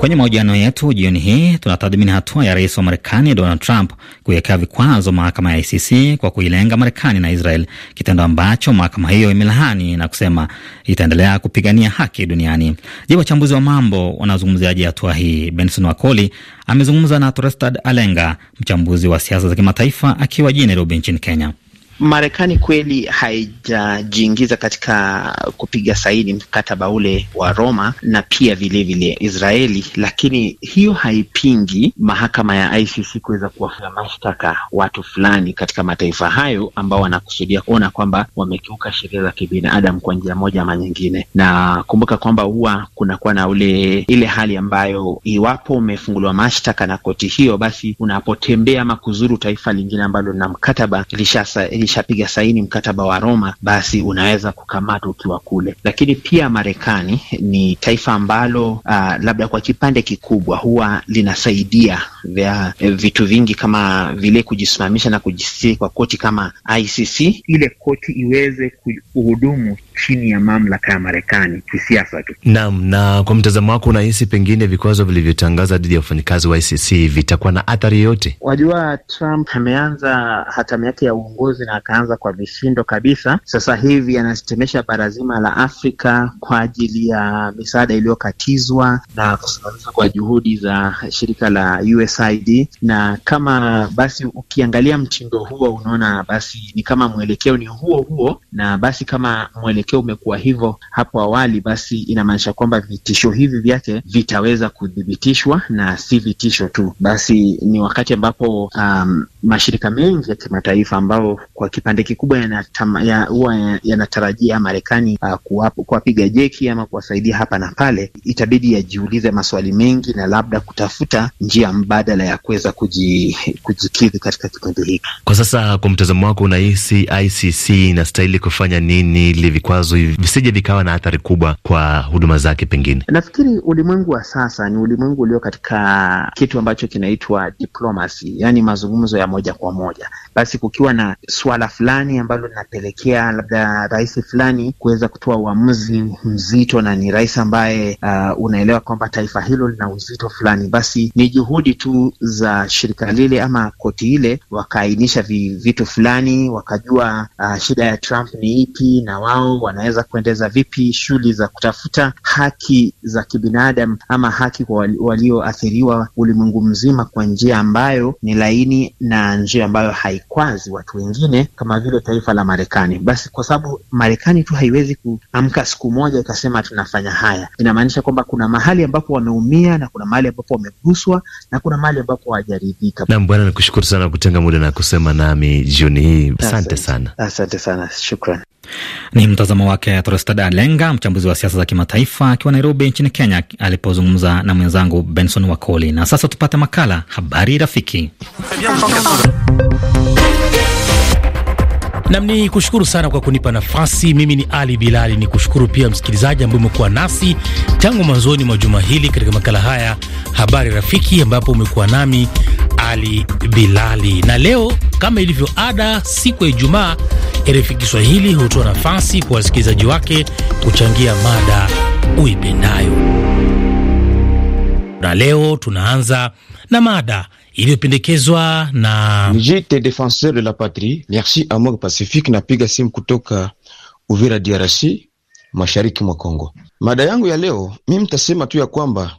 Kwenye mahojiano yetu jioni hii tunatathmini hatua ya rais wa Marekani Donald Trump kuiwekea vikwazo mahakama ya ICC kwa kuilenga Marekani na Israel, kitendo ambacho mahakama hiyo imelaani na kusema itaendelea kupigania haki duniani. Je, wachambuzi wa mambo wanazungumziaje hatua hii? Benson Wakoli amezungumza na Torestad Alenga, mchambuzi wa siasa za kimataifa akiwa jijini Nairobi nchini Kenya. Marekani kweli haijajiingiza katika kupiga saini mkataba ule wa Roma na pia vilevile vile Israeli, lakini hiyo haipingi mahakama ya ICC kuweza kuwafuta mashtaka watu fulani katika mataifa hayo ambao wanakusudia kuona kwamba wamekiuka sheria za kibinadamu kwa njia moja ama nyingine. Na kumbuka kwamba huwa kunakuwa na ule ile hali ambayo iwapo umefunguliwa mashtaka na koti hiyo, basi unapotembea ama kuzuru taifa lingine ambalo lina mkataba lishasa ulishapiga saini mkataba wa Roma, basi unaweza kukamatwa ukiwa kule. Lakini pia Marekani ni taifa ambalo uh, labda kwa kipande kikubwa huwa linasaidia vya eh, vitu vingi kama vile kujisimamisha na kujisitiri kwa koti kama ICC, ile koti iweze kuhudumu chini ya mamlaka ya Marekani kisiasa tu. Naam. Na kwa mtazamo wako, unahisi pengine vikwazo vilivyotangaza dhidi ya wafanyakazi wa ICC vitakuwa na athari yoyote? Wajua, Trump ameanza hatamu yake ya uongozi na akaanza kwa vishindo kabisa. Sasa hivi anatetemesha bara zima la Afrika kwa ajili ya misaada iliyokatizwa na kusimamishwa kwa juhudi za shirika la USAID, na kama basi ukiangalia mtindo huo unaona basi ni kama mwelekeo ni huo huo, na basi kama mwelekeo mwelekeo umekuwa hivyo hapo awali, basi inamaanisha kwamba vitisho hivi vyake vitaweza kudhibitishwa na si vitisho tu. Basi ni wakati ambapo um, mashirika mengi ya kimataifa ambayo kwa kipande kikubwa huwa yanatarajia ya Marekani uh, kuwapiga jeki ama kuwasaidia hapa na pale, itabidi yajiulize maswali mengi na labda kutafuta njia mbadala ya kuweza kujikidhi katika kipindi hiki. Kwa sasa, kwa mtazamo wako, unahisi ICC inastahili kufanya nini ili vikwazo ambazo visije vikawa na athari kubwa kwa huduma zake. Pengine nafikiri ulimwengu wa sasa ni ulimwengu ulio katika kitu ambacho kinaitwa diplomasi, yaani mazungumzo ya moja kwa moja basi kukiwa na swala fulani ambalo linapelekea labda rais fulani kuweza kutoa uamuzi mzito, na ni rais ambaye uh, unaelewa kwamba taifa hilo lina uzito fulani, basi ni juhudi tu za shirika lile ama koti ile, wakaainisha vitu fulani, wakajua uh, shida ya Trump ni ipi, na wao wanaweza kuendeza vipi shughuli za kutafuta haki za kibinadamu ama haki kwa walioathiriwa ulimwengu mzima kwa njia ambayo ni laini na njia ambayo haiku vikwazi watu wengine kama vile taifa la Marekani. Basi kwa sababu Marekani tu haiwezi kuamka siku moja ikasema tunafanya haya, inamaanisha kwamba kuna mahali ambapo wameumia na kuna mahali ambapo wameguswa na kuna mahali ambapo hawajaridhika. Nam bwana, nikushukuru sana kutenga muda na kusema nami jioni hii, asante sana. Asante sana, shukran. Ni mtazamo wake Torostad Alenga, mchambuzi wa siasa za kimataifa akiwa Nairobi nchini Kenya, alipozungumza na mwenzangu Benson Wakoli. Na sasa tupate makala Habari Rafiki. Nam ni kushukuru sana kwa kunipa nafasi. Mimi ni Ali Bilali, ni kushukuru pia msikilizaji ambaye umekuwa nasi tangu mwanzoni mwa juma hili katika makala haya Habari Rafiki, ambapo umekuwa nami Ali Bilali. Na leo kama ilivyo ada, siku ya Ijumaa RFI Kiswahili hutoa nafasi kwa wasikilizaji wake kuchangia mada uipendayo, na leo tunaanza na mada iliyopendekezwa na Jete Defenseur de la Patrie Merci Amor Pacifique. Napiga simu kutoka Uvira, DRC, mashariki mwa Kongo. Mada yangu ya leo, mi mtasema tu ya kwamba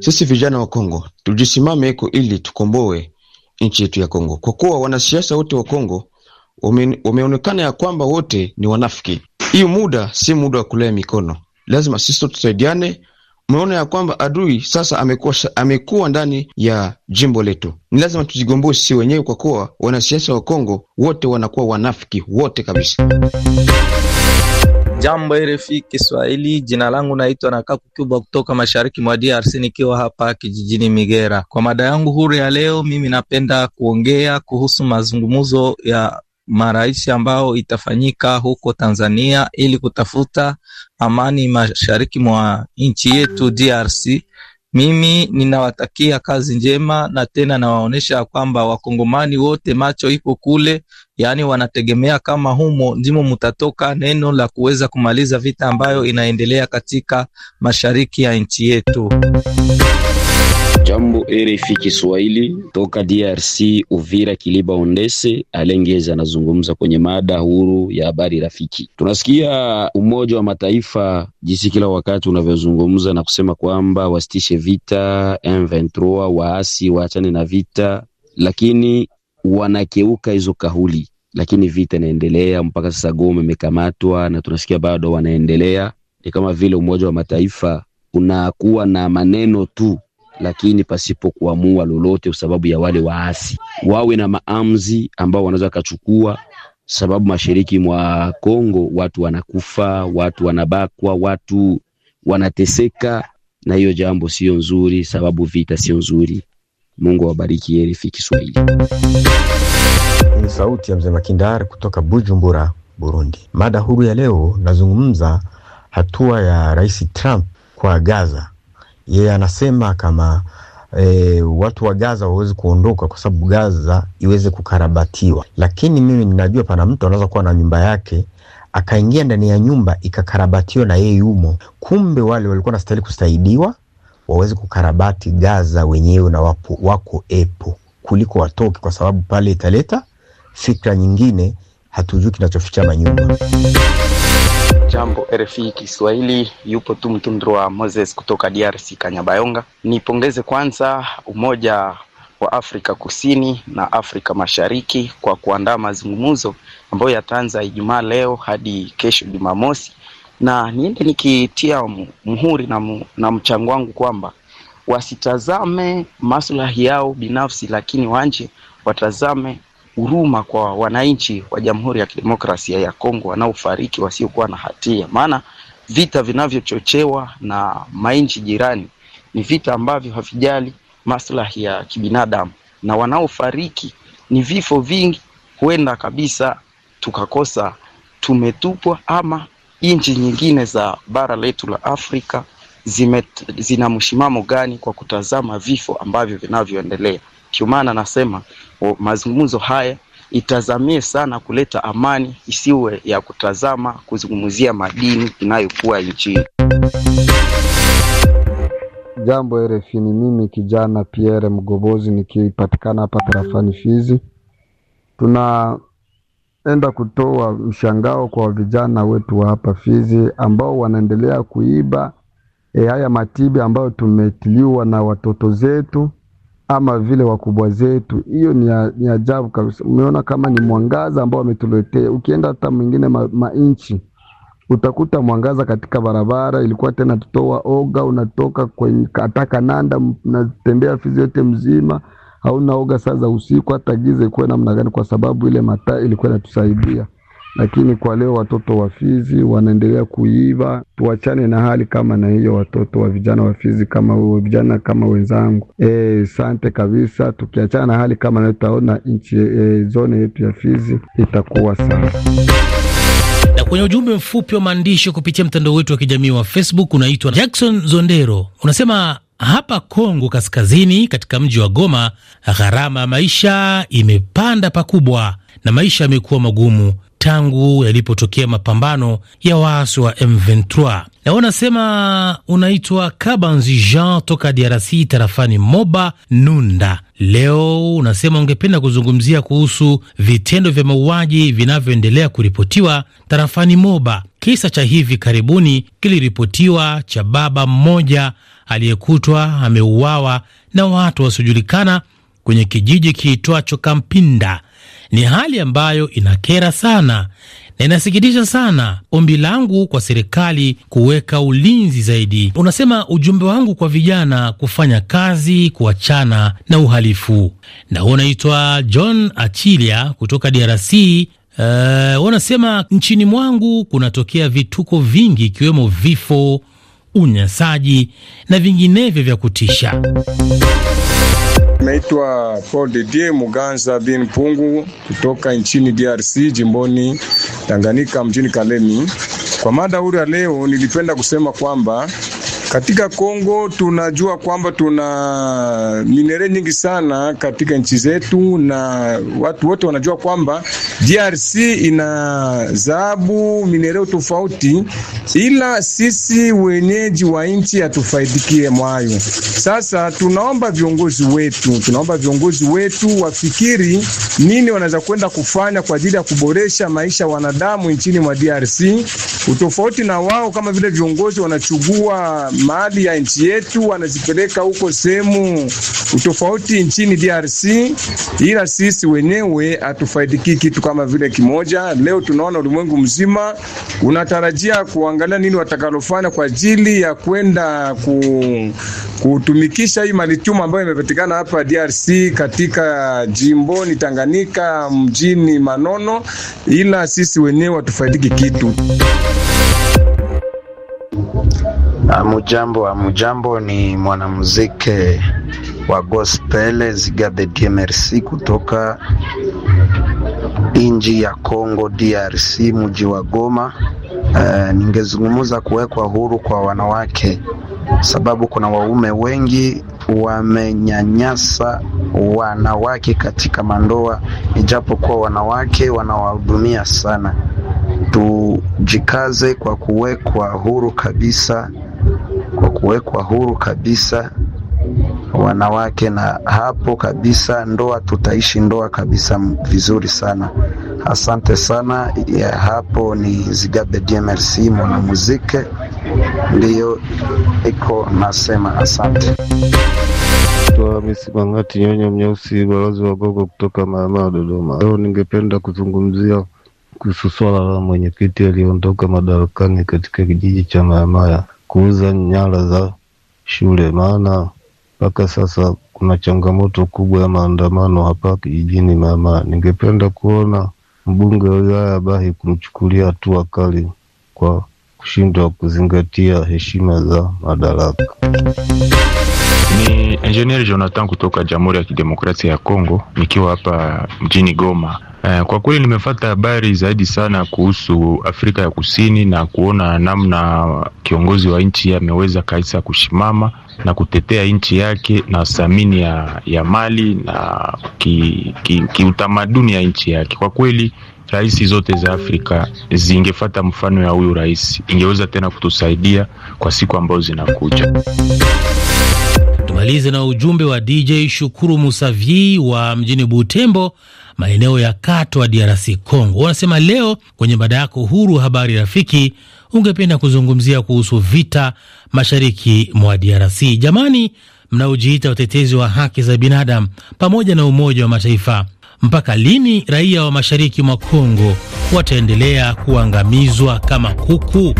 sisi vijana wa Kongo tujisimame eko ili tukomboe nchi yetu ya Kongo, kwa kuwa wanasiasa wote wa Kongo wameonekana ya kwamba wote ni wanafiki. Hii muda si muda wa kulea mikono, lazima sisi tusaidiane. Umeona ya kwamba adui sasa amekuwa amekuwa ndani ya jimbo letu, ni lazima tujigomboe sisi wenyewe, kwa kuwa wanasiasa wa Kongo wote wanakuwa wanafiki wote kabisa. Jambo RFI Kiswahili, jina langu naitwa Nakaku Kubwa kutoka mashariki mwa DRC, nikiwa hapa kijijini Migera. Kwa mada yangu huru ya leo, mimi napenda kuongea kuhusu mazungumzo ya marais ambao itafanyika huko Tanzania ili kutafuta amani mashariki mwa nchi yetu DRC. Mimi ninawatakia kazi njema na tena nawaonyesha kwamba wakongomani wote macho ipo kule, yaani wanategemea kama humo ndimo mutatoka neno la kuweza kumaliza vita ambayo inaendelea katika mashariki ya nchi yetu. Jambo RFI Kiswahili toka DRC Uvira, Kiliba, Ondese. Alengeza anazungumza kwenye mada huru ya habari rafiki. Tunasikia Umoja wa Mataifa jinsi kila wakati unavyozungumza na kusema kwamba wasitishe vita M23, waasi waachane na vita, lakini wanakeuka hizo kauli, lakini vita inaendelea mpaka sasa. Goma imekamatwa na tunasikia bado wanaendelea. Ni kama vile Umoja wa Mataifa unakuwa na maneno tu lakini pasipo kuamua lolote, sababu ya wale waasi wawe na maamuzi ambao wanaweza wakachukua, sababu mashariki mwa Kongo watu wanakufa, watu wanabakwa, watu wanateseka, na hiyo jambo sio nzuri, sababu vita sio nzuri. Mungu awabariki RFI Kiswahili. Ni sauti ya mzee Makindari kutoka Bujumbura, Burundi. Mada huru ya leo nazungumza hatua ya Rais Trump kwa Gaza yeye anasema kama E, watu wa Gaza wawezi kuondoka kwa sababu Gaza iweze kukarabatiwa, lakini mimi ninajua pana mtu anaweza kuwa na nyumba yake akaingia ndani ya nyumba ikakarabatiwa na yeye yumo, kumbe wale walikuwa nastahili kusaidiwa waweze kukarabati Gaza wenyewe na wapo, wako epo kuliko watoke, kwa sababu pale italeta fikra nyingine, hatujui kinachoficha manyuma Jambo RFI Kiswahili, yupo tu mtundro wa Moses kutoka DRC Kanyabayonga. Nipongeze kwanza Umoja wa Afrika Kusini na Afrika Mashariki kwa kuandaa mazungumzo ambayo yataanza Ijumaa leo hadi kesho Jumamosi, na niende nikitia mhuri na, na mchango wangu kwamba wasitazame maslahi yao binafsi, lakini wanje watazame huruma kwa wananchi wa Jamhuri ya Kidemokrasia ya Kongo wanaofariki wasiokuwa na hatia, maana vita vinavyochochewa na mainchi jirani ni vita ambavyo havijali maslahi ya kibinadamu, na wanaofariki ni vifo vingi, huenda kabisa tukakosa tumetupwa, ama nchi nyingine za bara letu la Afrika zime, zina mshimamo gani kwa kutazama vifo ambavyo vinavyoendelea? Ndio maana anasema mazungumzo haya itazamie sana kuleta amani, isiwe ya kutazama kuzungumzia madini inayokuwa nchini. Jambo RFI, ni mimi kijana Pierre Mgobozi nikipatikana hapa tarafani Fizi. Tunaenda kutoa mshangao kwa vijana wetu wa hapa Fizi ambao wanaendelea kuiba e haya matibi ambayo tumetiliwa na watoto zetu ama vile wakubwa zetu. Hiyo ni, ni ajabu kabisa. Umeona kama ni mwangaza ambao wametuletea. Ukienda hata mwingine ma, utakuta mwangaza katika barabara ilikuwa tena tutoa oga, unatoka kwenye hata Kananda, unatembea Fizi yote mzima hauna oga saa za usiku, hata giza ilikuwa namna gani? Kwa sababu ile mataa ilikuwa inatusaidia lakini kwa leo watoto wa Fizi wanaendelea kuiba. Tuachane na hali kama na hiyo, watoto wa vijana wa Fizi kama vijana kama wenzangu e, eh, sante kabisa. Tukiachana na hali kama na tutaona nchi e, zone yetu ya Fizi itakuwa sawa. Na kwenye ujumbe mfupi wa maandishi kupitia mtandao wetu wa kijamii wa Facebook unaitwa Jackson Zondero, unasema hapa Kongo Kaskazini, katika mji wa Goma, gharama ya maisha imepanda pakubwa na maisha yamekuwa magumu tangu yalipotokea mapambano ya waasi wa M23. Na wanasema unaitwa Kabanzi Jean toka DRC tarafani Moba Nunda. Leo unasema ungependa kuzungumzia kuhusu vitendo vya mauaji vinavyoendelea kuripotiwa tarafani Moba. Kisa cha hivi karibuni kiliripotiwa cha baba mmoja aliyekutwa ameuawa na watu wasiojulikana kwenye kijiji kiitwacho Kampinda ni hali ambayo inakera sana na inasikitisha sana. Ombi langu kwa serikali kuweka ulinzi zaidi. Unasema ujumbe wangu kwa vijana kufanya kazi, kuachana na uhalifu. Na huo unaitwa John Achilia kutoka DRC. Uh, eh, wanasema nchini mwangu kunatokea vituko vingi ikiwemo vifo, unyasaji na vinginevyo vya kutisha. Naitwa Paul Didier Muganza bin Pungu kutoka nchini DRC jimboni Tanganyika mjini Kalemi. Kwa mada huru ya leo, nilipenda kusema kwamba katika Kongo tunajua kwamba tuna minere nyingi sana katika nchi zetu, na watu wote wanajua kwamba DRC ina dhahabu minereo tofauti, ila sisi wenyeji wa nchi hatufaidikie mwayo. Sasa tunaomba viongozi wetu, tunaomba viongozi wetu wafikiri nini wanaweza kwenda kufanya kwa ajili ya kuboresha maisha wanadamu nchini mwa DRC, utofauti na wao, kama vile viongozi wanachugua mali ya nchi yetu wanazipeleka huko sehemu utofauti nchini DRC, ila sisi wenyewe hatufaidiki kitu kama kama vile kimoja. Leo tunaona ulimwengu mzima unatarajia kuangalia nini watakalofanya kwa ajili ya kwenda ku, kutumikisha hii malituma ambayo imepatikana hapa DRC katika jimboni Tanganyika mjini Manono, ila sisi wenyewe watufaidiki kitu. Amujambo, amujambo, ni mwanamuziki wa gospel Zigabe Merci kutoka nji ya Congo DRC, mji wa Goma. Uh, eh, ningezungumza kuwekwa huru kwa wanawake, sababu kuna waume wengi wamenyanyasa wanawake katika mandoa, ijapokuwa wanawake wanawahudumia sana. Tujikaze kwa kuwekwa huru kabisa, kwa kuwekwa huru kabisa wanawake, na hapo kabisa ndoa tutaishi ndoa kabisa vizuri sana. Asante sana ya hapo ni Zigabe DMRC mwanamuziki, ndiyo iko nasema asante Misi Nyonya Mnyeusi, balozi wa gogo kutoka ya Dodoma. Leo ningependa kuzungumzia kuhusu swala la mwenyekiti aliyeondoka madarakani katika kijiji cha maamaya kuuza nyara za shule, maana mpaka sasa kuna changamoto kubwa ya maandamano hapa kijijini mama. Ningependa kuona mbunge wa wilaya ya Bahi kumchukulia hatua kali kwa kushindwa kuzingatia heshima za madaraka. Ni Engineer Jonathan kutoka Jamhuri ya Kidemokrasia ya Kongo nikiwa hapa mjini Goma. Eh, kwa kweli nimefata habari zaidi sana kuhusu Afrika ya Kusini na kuona namna kiongozi wa nchi ameweza kabisa kushimama na kutetea nchi yake na thamini ya, ya mali na kiutamaduni ki, ki ya nchi yake. Kwa kweli rais zote za Afrika zingefata mfano ya huyu rais, ingeweza tena kutusaidia kwa siku ambazo zinakuja. Tumalize na ujumbe wa DJ Shukuru Musavi wa mjini Butembo, maeneo ya Katwa, DRC Congo. Wanasema leo kwenye mada yako huru habari rafiki, ungependa kuzungumzia kuhusu vita mashariki mwa DRC. Jamani, mnaojiita watetezi wa haki za binadamu pamoja na Umoja wa Mataifa, mpaka lini raia wa mashariki mwa Kongo wataendelea kuangamizwa kama kuku?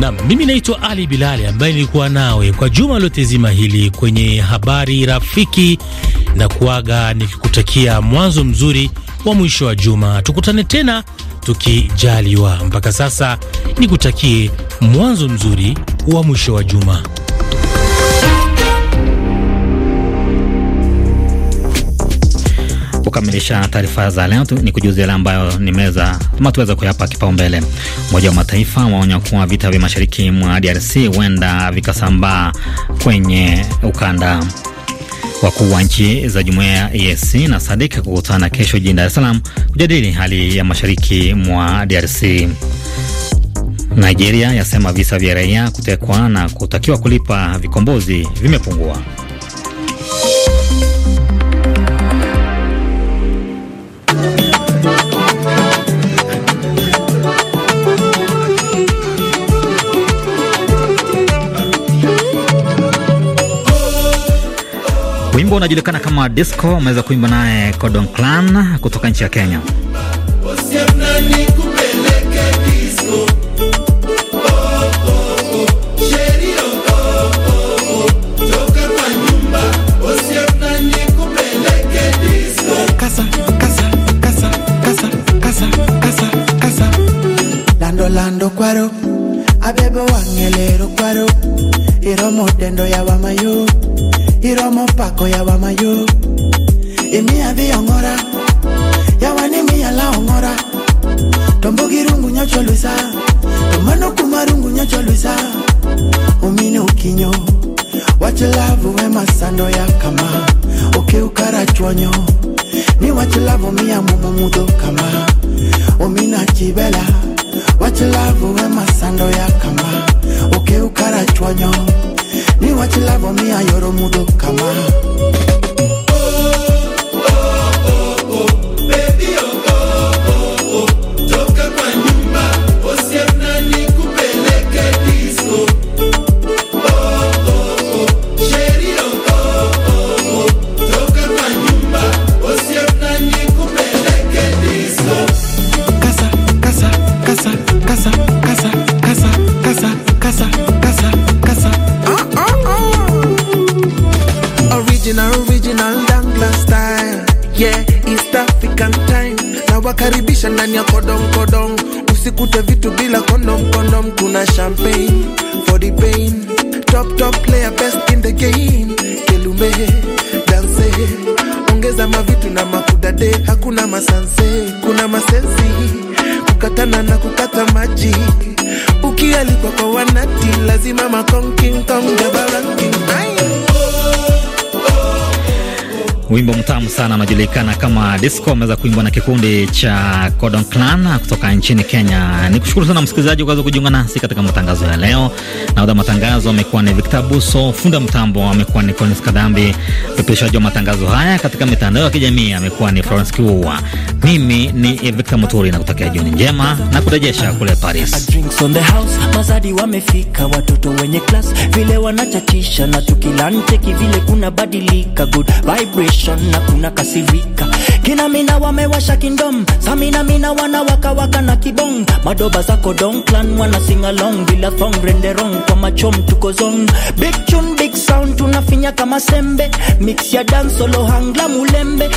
Nam, mimi naitwa Ali Bilali ambaye nilikuwa nawe kwa juma lote zima hili kwenye habari rafiki, na kuaga nikikutakia mwanzo mzuri wa mwisho wa juma. Tukutane tena tukijaliwa. Mpaka sasa nikutakie mwanzo mzuri wa mwisho wa juma. kukamilisha taarifa za leo ni kujuza yale ambayo nimeweza ama tuweza kuyapa kipaumbele. Umoja wa Mataifa waonya kuwa vita vya mashariki mwa DRC huenda vikasambaa kwenye ukanda. Wakuu wa nchi za jumuiya ya EAC na SADC kukutana kesho jijini Dar es Salaam kujadili hali ya mashariki mwa DRC. Nigeria yasema visa vya raia kutekwa na kutakiwa kulipa vikombozi vimepungua. wimbo unajulikana kama Disco, ameweza kuimba naye Codon Clan kutoka nchi ya Kenya. kinyo wach lavu ema sando ya kama okeukarachwonyo ni wach lavu miyamumo mudho kama omina chibela wach lavu ema sando ya kama okeukarachwonyo ni wach lavu miyayoro mudho kama kuna masanse, kuna masensi, kukatana na kukata maji. Ukialikwa kwa wanati lazima makonking tong jabaranking Wimbo mtamu sana unajulikana kama disco, ameweza kuimbwa na kikundi cha Codon Clan kutoka nchini Kenya. Ni kushukuru sana msikilizaji kuweza kujiunga nasi katika matangazo ya leo. Nahodha matangazo amekuwa ni Victor Buso, funda mtambo amekuwa ni Collins Kadambi, upeperishaji wa matangazo haya katika mitandao ya kijamii amekuwa ni Florence Kiua. Mimi ni Victor Muturi na kutakia jioni njema na kurejesha kule Paris passion na kuna kasivika kina mina wamewasha kingdom samina mina wana waka waka na kibong madoba za don clan wana sing along bila thong rong kwa machom tuko zong big tune big sound tunafinya kama sembe mix ya dance solo hangla mulembe